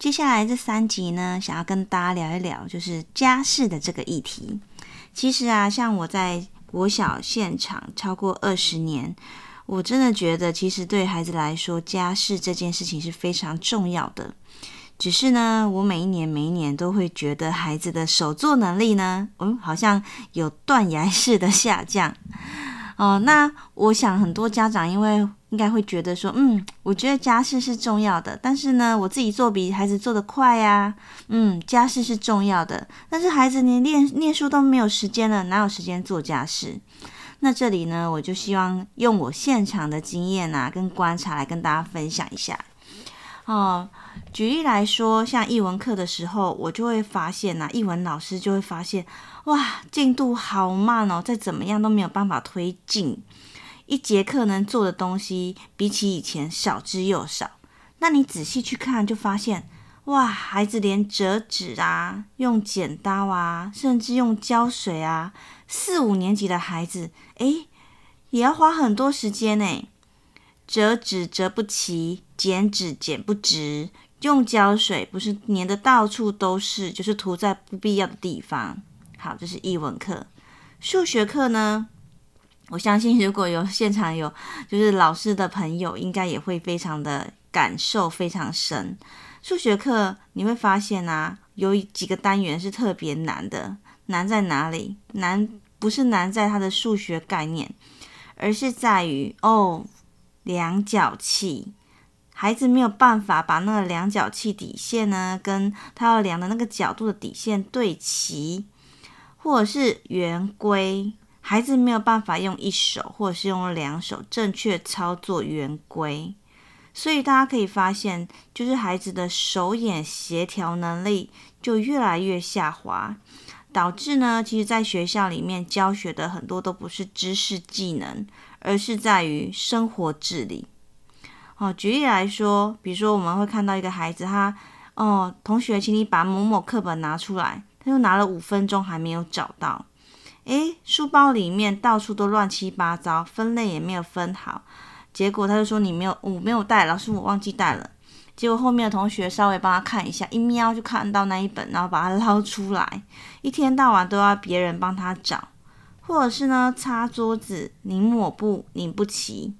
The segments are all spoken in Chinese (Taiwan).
接下來這三集呢，想要跟大家聊一聊，就是家事的這個議題。其實啊，像我在國小現場超過二十年，我真的覺得，其實對孩子來說，家事這件事情是非常重要的。只是呢，我每一年每一年都會覺得孩子的手作能力呢，嗯，好像有斷崖式的下降。哦，那我想很多家長因為。應該會覺得說，嗯，我覺得家事是重要的，但是呢，我自己做比孩子做得快呀、啊。嗯，家事是重要的，但是孩子連練念書都沒有時間了，哪有時間做家事？那這裡呢，我就希望用我現場的經驗啊，跟觀察來跟大家分享一下。哦，舉例來說，像藝文課的時候，我就會發現吶、啊，藝文老師就會發現，哇，進度好慢哦，再怎麼樣都沒有辦法推進。一節課能做的東西，比起以前少之又少。那你仔細去看，就發現，哇，孩子連折紙啊，用剪刀啊，甚至用膠水啊，四五年級的孩子，哎，也要花很多時間呢。折紙折不齊，剪紙剪不直，用膠水不是粘得到處都是，就是塗在不必要的地方。好，這是語文課，數學課呢？我相信，如果有現場有就是老師的朋友，應該也會非常的感受非常深。數學課你會發現啊，有幾個單元是特別難的。難在哪裡？難不是難在它的數學概念，而是在於哦，量角器，孩子沒有辦法把那個量角器底線呢，跟他要量的那個角度的底線對齊，或者是圓規。孩子沒有辦法用一手或者是用兩手正確操作圓規，所以大家可以發現，就是孩子的手眼協調能力就越來越下滑，導致呢，其實在學校裡面教學的很多都不是知識技能，而是在於生活自理。哦，舉例來說，比如說我們會看到一個孩子，他哦、嗯，同學，請你把某某課本拿出來，他就拿了五分鐘還沒有找到。誒，書包裡面到處都亂七八糟，分類也沒有分好，結果他就說你沒有，我、哦、沒有帶，老師我忘記帶了。結果後面的同學稍微幫他看一下，一瞄就看到那一本，然後把它撈出來。一天到晚都要別人幫他找，或者是呢，擦桌子，擰抹布擰不齊，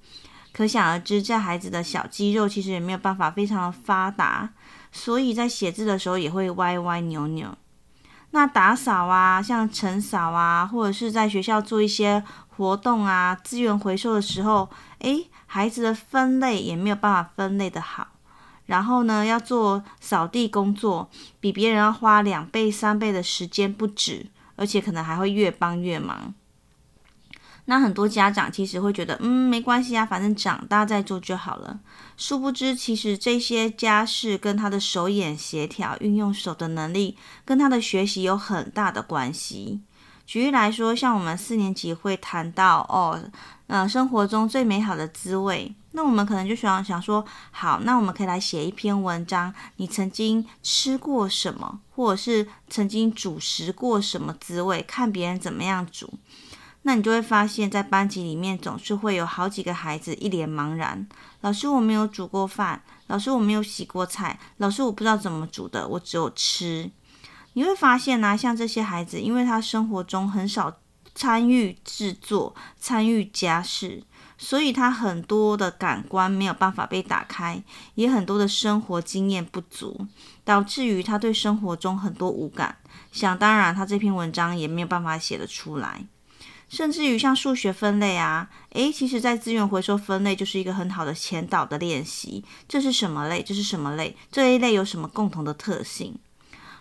可想而知，這孩子的小肌肉其實也沒有辦法非常的發達，所以在寫字的時候也會歪歪扭扭。那打掃啊，像晨掃啊，或者是在學校做一些活動啊，資源回收的時候，誒，孩子的分類也沒有辦法分類得好。然後呢，要做掃地工作，比別人要花兩倍、三倍的時間不止，而且可能還會越幫越忙。那很多家長其實會覺得，嗯，沒關係啊，反正長大再做就好了。殊不知，其實這些家事跟他的手眼協調、運用手的能力，跟他的學習有很大的關係。舉例來說，像我們四年級會談到，哦，嗯、呃，生活中最美好的滋味。那我們可能就想想說，好，那我們可以來寫一篇文章，你曾經吃過什麼，或者是曾經煮食過什麼滋味，看別人怎麼樣煮。那你就會發現，在班級裡面總是會有好幾個孩子一臉茫然。老師，我沒有煮過飯。老師，我沒有洗過菜。老師，我不知道怎麼煮的，我只有吃。你會發現呢、啊，像這些孩子，因為他生活中很少參與制作、參與家事，所以他很多的感官沒有辦法被打開，也很多的生活經驗不足，導致於他對生活中很多無感。想當然，他這篇文章也沒有辦法寫得出來。甚至於像數學分類啊，誒，其實在資源回收分類就是一個很好的前導的練習。這是什麼類？這是什麼類？這一類有什麼共同的特性？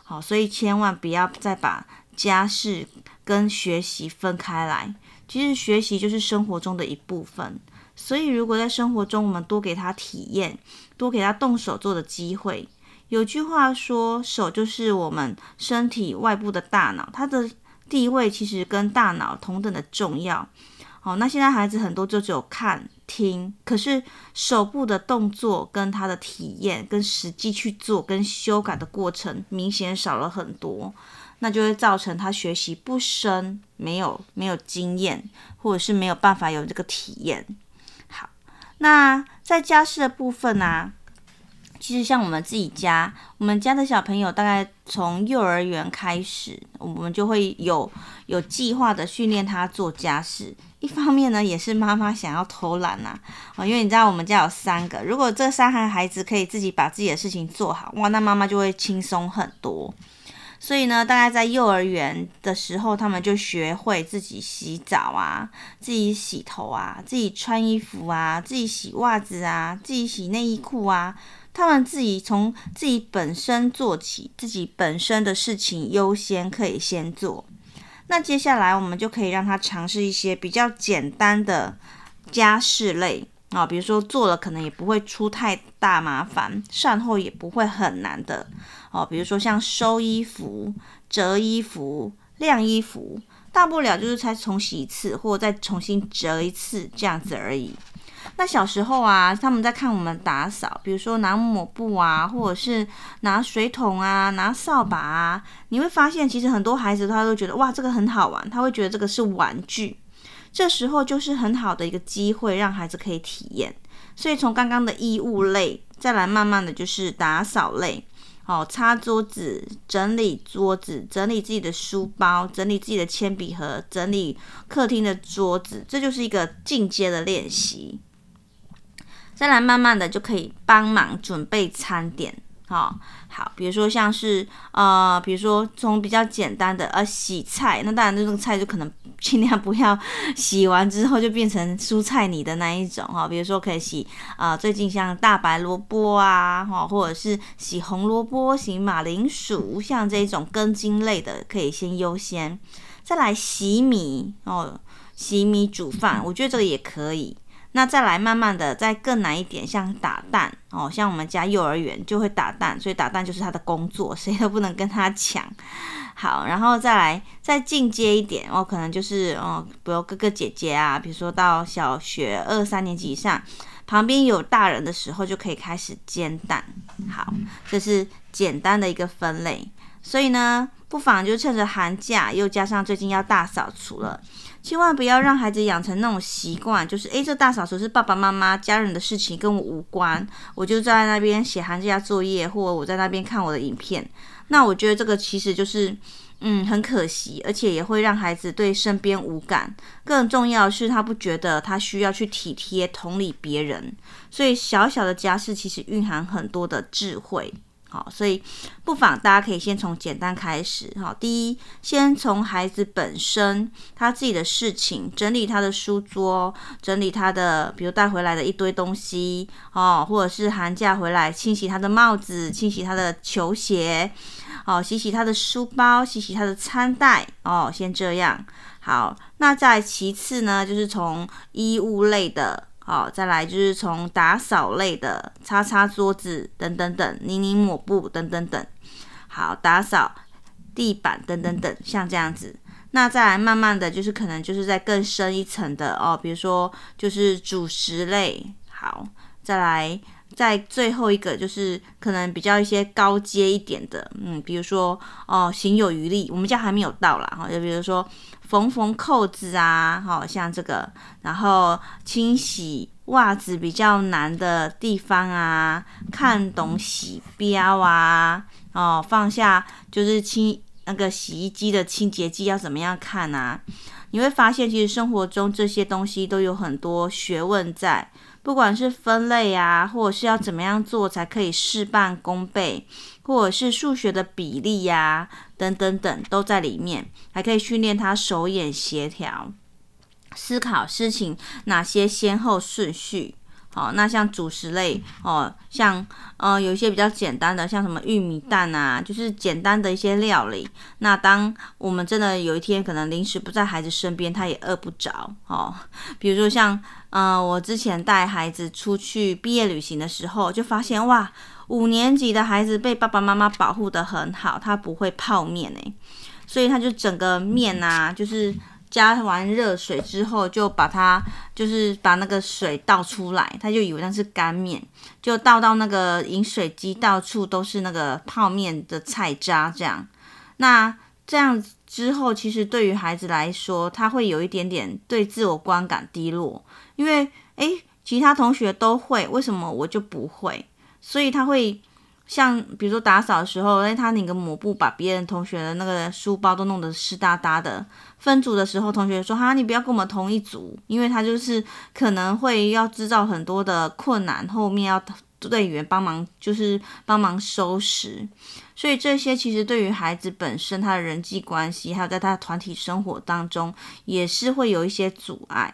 好，所以千萬不要再把家事跟學習分開來。其實學習就是生活中的一部分。所以如果在生活中我們多給他體驗，多給他動手做的機會。有句話說，手就是我們身體外部的大腦，它的。地位其實跟大腦同等的重要，好，那現在孩子很多就只有看、聽，可是手部的動作跟他的體驗、跟實際去做、跟修改的過程明顯少了很多，那就會造成他學習不深，沒有沒有經驗，或者是沒有辦法有這個體驗。好，那在家事的部分呢、啊？其實像我們自己家，我們家的小朋友大概從幼兒園開始，我們就會有有計劃的訓練他做家事。一方面呢，也是媽媽想要偷懶啊，因為你知道我們家有三個，如果這三個孩子可以自己把自己的事情做好，哇，那媽媽就會輕鬆很多。所以呢，大概在幼兒園的時候，他們就學會自己洗澡啊，自己洗頭啊，自己穿衣服啊，自己洗襪子啊，自己洗內衣褲啊。他們自己從自己本身做起，自己本身的事情優先可以先做。那接下來我們就可以讓他嘗試一些比較簡單的家事類啊、哦，比如說做了可能也不會出太大麻煩，善後也不會很難的哦。比如說像收衣服、折衣服、晾衣服，大不了就是才重洗一次，或者再重新折一次這樣子而已。那小時候啊，他們在看我們打掃，比如說拿抹布啊，或者是拿水桶啊，拿掃把啊，你會發現，其實很多孩子他都覺得哇，這個很好玩，他會覺得這個是玩具。這時候就是很好的一個機會，讓孩子可以體驗。所以從剛剛的衣物類，再來慢慢的就是打掃類，哦，擦桌子、整理桌子、整理自己的書包、整理自己的鉛筆盒、整理客廳的桌子，這就是一個進階的練習。再來慢慢的就可以幫忙準備餐點，哈、哦、好，比如說像是呃，比如說從比較簡單的呃、啊、洗菜，那當然這種菜就可能盡量不要洗完之後就變成蔬菜泥的那一種，哈、哦，比如說可以洗啊、呃，最近像大白蘿蔔啊，哈、哦、或者是洗紅蘿蔔、洗馬鈴薯，像這種根莖類的可以先優先。再來洗米哦，洗米煮飯，我覺得這個也可以。那再來慢慢的，再更難一點，像打蛋哦，像我們家幼兒園就會打蛋，所以打蛋就是他的工作，誰都不能跟他搶。好，然後再來再進階一點哦，可能就是哦，比如哥哥姐姐啊，比如說到小學二三年級以上，旁邊有大人的時候，就可以開始煎蛋。好，這、就是簡單的一個分類。所以呢，不妨就趁着寒假，又加上最近要大掃除了。千萬不要讓孩子養成那種習慣，就是誒，這大掃除是爸爸媽媽家人的事情，跟我無關。我就在那邊寫寒假作業，或者我在那邊看我的影片。那我覺得這個其實就是，嗯，很可惜，而且也會讓孩子對身邊無感。更重要的是他不覺得他需要去體貼、同理別人。所以小小的家事其實蘊含很多的智慧。好，所以不妨大家可以先從簡單開始哈。第一，先從孩子本身他自己的事情，整理他的書桌，整理他的，比如帶回來的一堆東西哦，或者是寒假回來清洗他的帽子，清洗他的球鞋，好，洗洗他的書包，洗洗他的餐袋哦，先這樣。好，那再其次呢，就是從衣物類的。好、哦，再來就是從打掃類的，擦擦桌子等等等，擰擰抹布等等等，好，打掃地板等等等，像這樣子，那再來慢慢的就是可能就是在更深一層的哦，比如說就是主食類，好，再來在最後一個就是可能比較一些高階一點的，嗯，比如說哦，行有餘力，我們家還沒有到啦。哈、哦，就比如說。縫縫扣子啊，好、哦、像這個，然後清洗襪子比較難的地方啊，看懂洗標啊，哦，放下就是清那個洗衣機的清潔劑要怎麼樣看啊？你會發現，其實生活中這些東西都有很多學問在。不管是分類啊，或者是要怎麼樣做才可以事半功倍，或者是數學的比例呀、啊，等等等，都在裡面，還可以訓練他手眼協調，思考事情哪些先後順序。哦，那像主食類哦，像嗯、呃，有一些比較簡單的，像什麼玉米蛋啊，就是簡單的一些料理。那當我們真的有一天可能臨時不在孩子身邊，他也餓不着哦。比如說像嗯、呃，我之前帶孩子出去畢業旅行的時候，就發現哇，五年級的孩子被爸爸媽媽保護得很好，他不會泡麵誒、欸，所以他就整個麵吶、啊，就是。加完熱水之後，就把它，就是把那個水倒出來，他就以為那是乾面，就倒到那個飲水機，到處都是那個泡面的菜渣，這樣。那這樣之後，其實對於孩子來說，他會有一點點對自我觀感低落，因為哎，其他同學都會，為什麼我就不會？所以他會。像比如說打掃的時候，誒，他擰個抹布，把別人同學的那個書包都弄得濕噠噠的。分組的時候，同學說：“哈，你不要跟我們同一組，因為他就是可能會要製造很多的困難，後面要隊員幫忙，就是幫忙收拾。”所以這些其實對於孩子本身，他的人際關係，還有在他的團體生活當中，也是會有一些阻礙。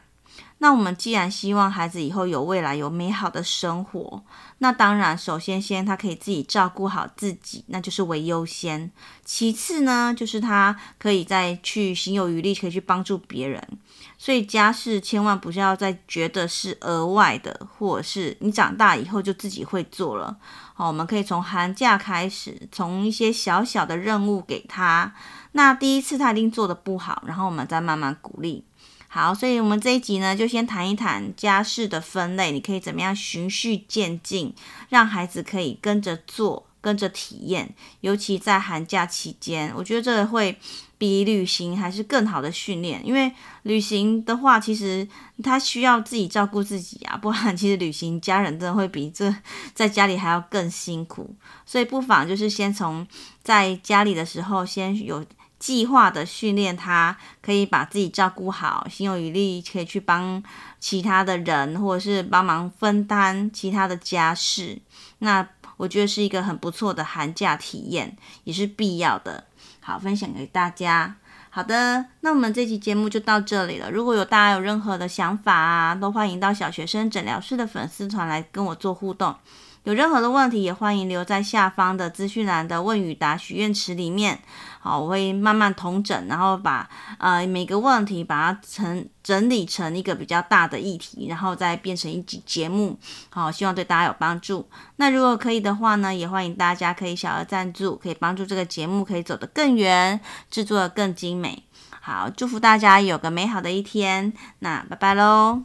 那我們既然希望孩子以後有未來，有美好的生活，那當然首先先他可以自己照顧好自己，那就是為優先。其次呢，就是他可以再去行有餘力，可以去幫助別人。所以家事千萬不是要再覺得是額外的，或者是你長大以後就自己會做了。好，我們可以從寒假開始，從一些小小的任務給他。那第一次他一定做得不好，然後我們再慢慢鼓勵。好，所以我們這一集呢，就先談一談家事的分類，你可以怎麼樣循序漸進，讓孩子可以跟着做，跟着體驗。尤其在寒假期間，我覺得這個會比旅行還是更好的訓練，因為旅行的話，其實他需要自己照顧自己啊，不然其實旅行家人真的會比這在家裡還要更辛苦，所以不妨就是先從在家裡的時候先有。計劃的訓練，他可以把自己照顧好，心有餘力可以去幫其他的人，或者是幫忙分擔其他的家事。那我覺得是一個很不錯的寒假體驗，也是必要的。好，分享給大家。好的，那我們這期節目就到這裡了。如果有大家有任何的想法啊，都歡迎到小學生診聊室的粉絲團來跟我做互動。有任何的問題，也歡迎留在下方的資訊欄的問與答許願池裡面，好，我會慢慢統整，然後把呃每個問題把它成整理成一個比較大的議題，然後再變成一集節目，好，希望對大家有幫助。那如果可以的話呢，也歡迎大家可以小額贊助，可以幫助這個節目可以走得更遠，製作得更精美。好，祝福大家有個美好的一天，那拜拜嘍。